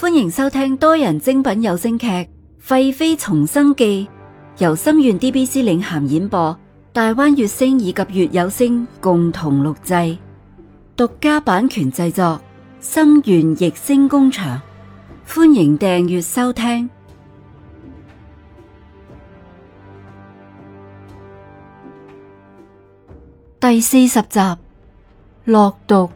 歡迎收聽多人精品有聲劇《廢妃重生記》，由心願 DBC 領銜演播，大灣月星以及月有聲共同錄製，獨家版權製作，心願逸星工廠。歡迎訂閱收聽第四十集，落毒。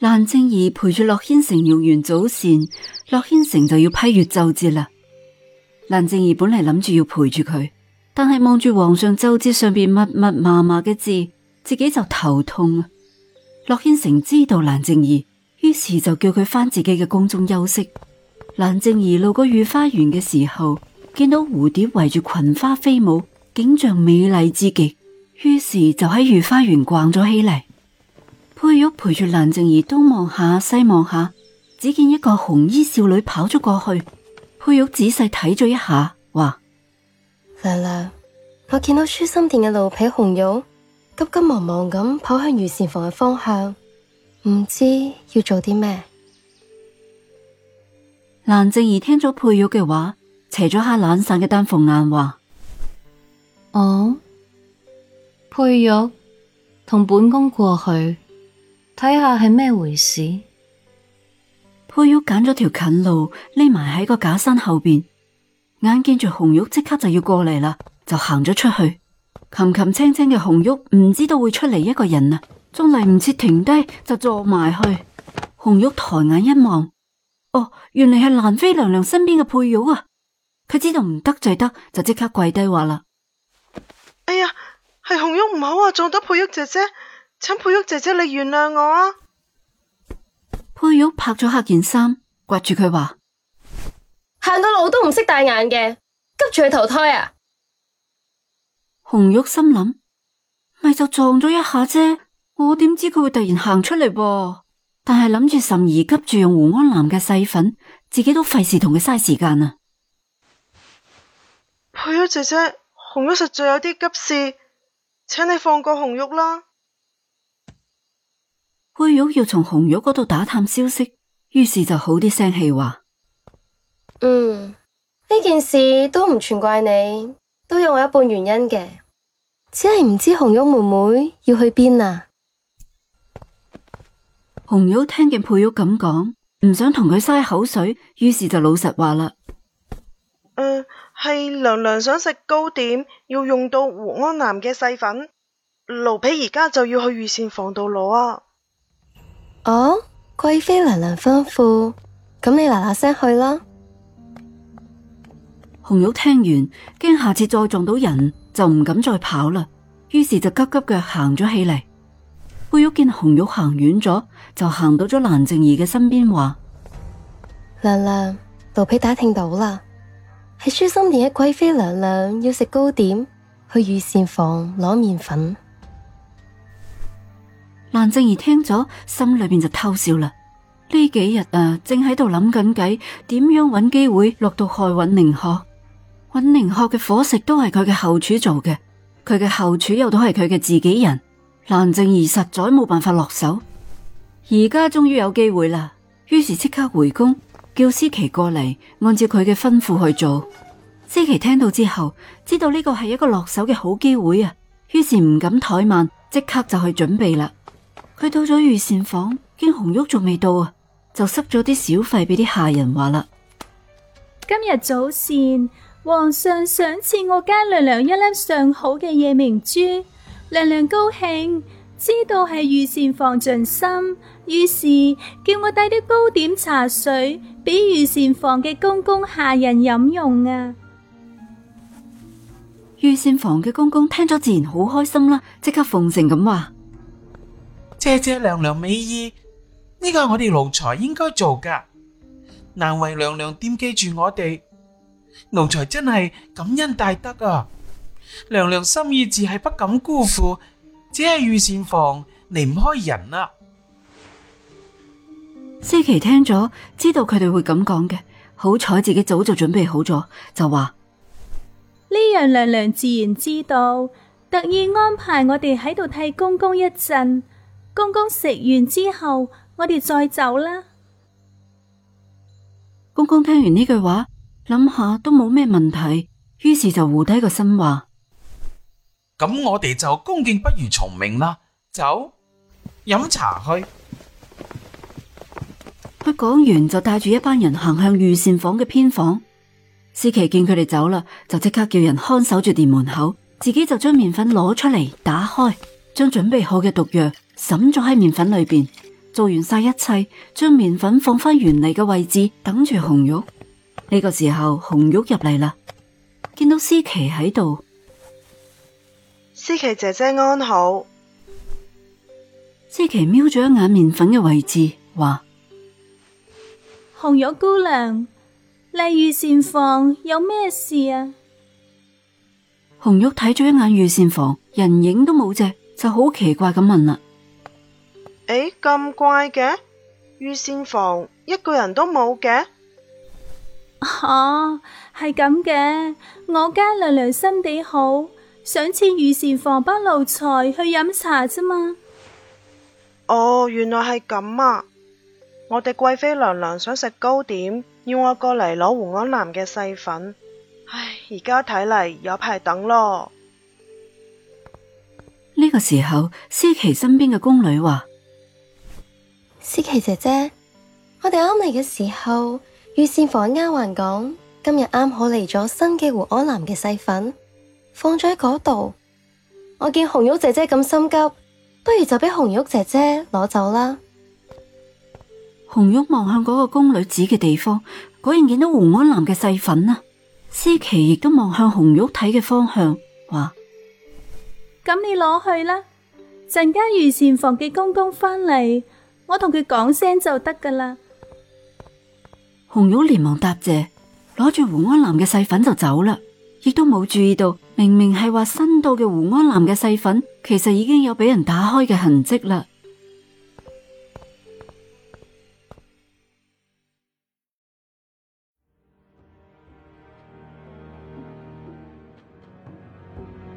蘭靜兒陪住洛軒成用完早膳，洛軒成就要批閱奏折啦。蘭靜兒本嚟諗住要陪住佢，但係望住皇上奏折上邊密密麻麻嘅字，自己就頭痛。洛軒成知道蘭靜兒，於是就叫佢返自己嘅宮中休息。蘭靜兒路過御花園嘅時候，見到蝴蝶圍住群花飛舞，景象美麗之極，於是就喺御花園逛咗起嚟。佩玉陪住蘭靜兒東望下西望下，只見一個紅衣少女跑咗過去。佩玉仔細睇咗一下，話：娘娘，我見到舒心殿嘅奴婢紅玉，急急忙忙咁跑向御膳房嘅方向，唔知要做啲咩。蘭靜兒聽咗佩玉嘅話，斜咗下懶散嘅丹鳳眼，話：哦，佩玉，同本宮過去。睇下係咩回事？佩玉揀咗條近路，匿埋喺個假山後邊，眼見住紅玉即刻就要過嚟啦，就行咗出去。琴琴清清嘅紅玉唔知道會出嚟一個人啊，仲嚟唔切停低就坐埋去。紅玉抬眼一望，哦，原嚟係蘭妃娘娘身邊嘅佩玉啊！佢知道唔得罪得，就即刻跪低話啦：哎呀，係紅玉唔好啊，撞到佩玉姐姐！請佩玉姐姐你原諒我啊！佩玉拍咗下件衫，刮住佢話：行到路都唔識戴眼鏡，急住去投胎啊！紅玉心諗：咪就撞咗一下啫，我點知佢會突然行出嚟噃、啊？但係諗住岑兒急住用胡安南嘅細粉，自己都費事同佢嘥時間啊！佩玉姐姐，紅玉實在有啲急事，請你放過紅玉啦！佩玉要從紅玉嗰度打探消息，於是就好啲聲氣話：嗯，呢件事都唔全怪你，都有我一半原因嘅，只係唔知紅玉妹妹，妹要去邊啊？紅玉聽見佩玉咁講，唔想同佢嘥口水，於是就老實話啦：嗯、呃，係娘娘想食糕點，要用到胡安南嘅細粉，奴婢而家就要去御膳房度攞啊。哦，貴妃娘娘吩咐，咁你嗱嗱聲去啦。紅玉聽完，驚下次再撞到人就唔敢再跑啦，於是就急急腳行咗起嚟。貝玉見紅玉行遠咗，就行到咗蘭靜兒嘅身邊，話：娘娘，奴婢打聽到啦，係舒心殿嘅貴妃娘娘要食糕點，去御膳房攞麵粉。蘭靜兒聽咗，心裏邊就偷笑啦。呢幾日啊，正喺度諗緊計，點樣搵機會落到去搵尹寧鶴。尹寧鶴嘅夥食都係佢嘅後廚做嘅，佢嘅後廚又都係佢嘅自己人。蘭靜兒實在冇辦法落手，而家終於有機會啦。於是即刻回宮，叫思琪過嚟，按照佢嘅吩咐去做。思琪聽到之後，知道呢個係一個落手嘅好機會啊，於是唔敢怠慢，即刻就去準備啦。佢到咗御膳房，見紅玉仲未到啊，就塞咗啲小費俾啲下人話啦。今日早膳，皇上想賜我家娘娘一粒上好嘅夜明珠，娘娘高興，知道係御膳房盡心，於是叫我帶啲糕點茶水俾御膳房嘅公公下人飲用啊。御膳房嘅公公聽咗自然好開心啦，即刻奉承咁話。謝謝娘娘美意，呢個係我哋奴才應該做噶。難為娘娘惦記住我哋，奴才真係感恩大德啊！娘娘心意自係不敢辜負，只係御膳房離唔開人啦。四琪聽咗，知道佢哋會咁講嘅，好彩自己早就準備好咗，就話呢樣娘娘自然知道，特意安排我哋喺度替公公一陣。公公食完之後，我哋再走啦。公公聽完呢句話，諗下都冇咩問題，於是就糊低個心話：咁我哋就恭敬不如從命啦，走，飲茶去。佢講完就帶住一班人行向御膳房嘅偏房。思琪見佢哋走啦，就即刻叫人看守住店門口，自己就將麵粉攞出嚟，打開，將準備好嘅毒藥。沈咗喺麵粉裏邊，做完晒一切，將麵粉放翻原嚟嘅位置，等住紅玉。呢個時候，紅玉入嚟啦，見到思琪喺度，思琪姐姐安好。思琪瞄咗一眼麵粉嘅位置，話：紅玉姑娘嚟御膳房有咩事啊？紅玉睇咗一眼御膳房，人影都冇隻，就好奇怪咁問啦。誒，咁怪嘅，御膳房一個人都冇嘅。哦，係咁嘅，我家娘娘心地好，想請御膳房不奴才去飲茶啫嘛。哦，原來係咁啊！我哋貴妃娘娘想食糕點，要我過嚟攞胡安南嘅細粉。唉，而家睇嚟有排等咯。呢個時候，思琪身邊嘅宮女話。思琪姐姐，我哋啱嚟嘅時候，御膳房丫鬟講今日啱好嚟咗新嘅胡安南嘅細粉，放咗喺嗰度。我見紅玉姐姐咁心急，不如就俾紅玉姐姐攞走啦。紅玉望向嗰個宮女指嘅地方，果然見到胡安南嘅細粉啦、啊。思琪亦都望向紅玉睇嘅方向，話：咁你攞去啦，陣間御膳房嘅公公翻嚟。我同佢講聲就得噶啦。紅玉連忙答謝，攞住胡安南嘅細粉就走啦，亦都冇注意到，明明係話新到嘅胡安南嘅細粉，其實已經有俾人打開嘅痕跡啦。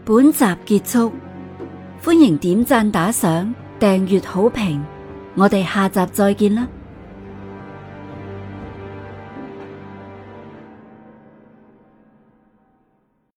本集結束，歡迎點讚、打賞、訂閱、好評。我哋下集再見啦！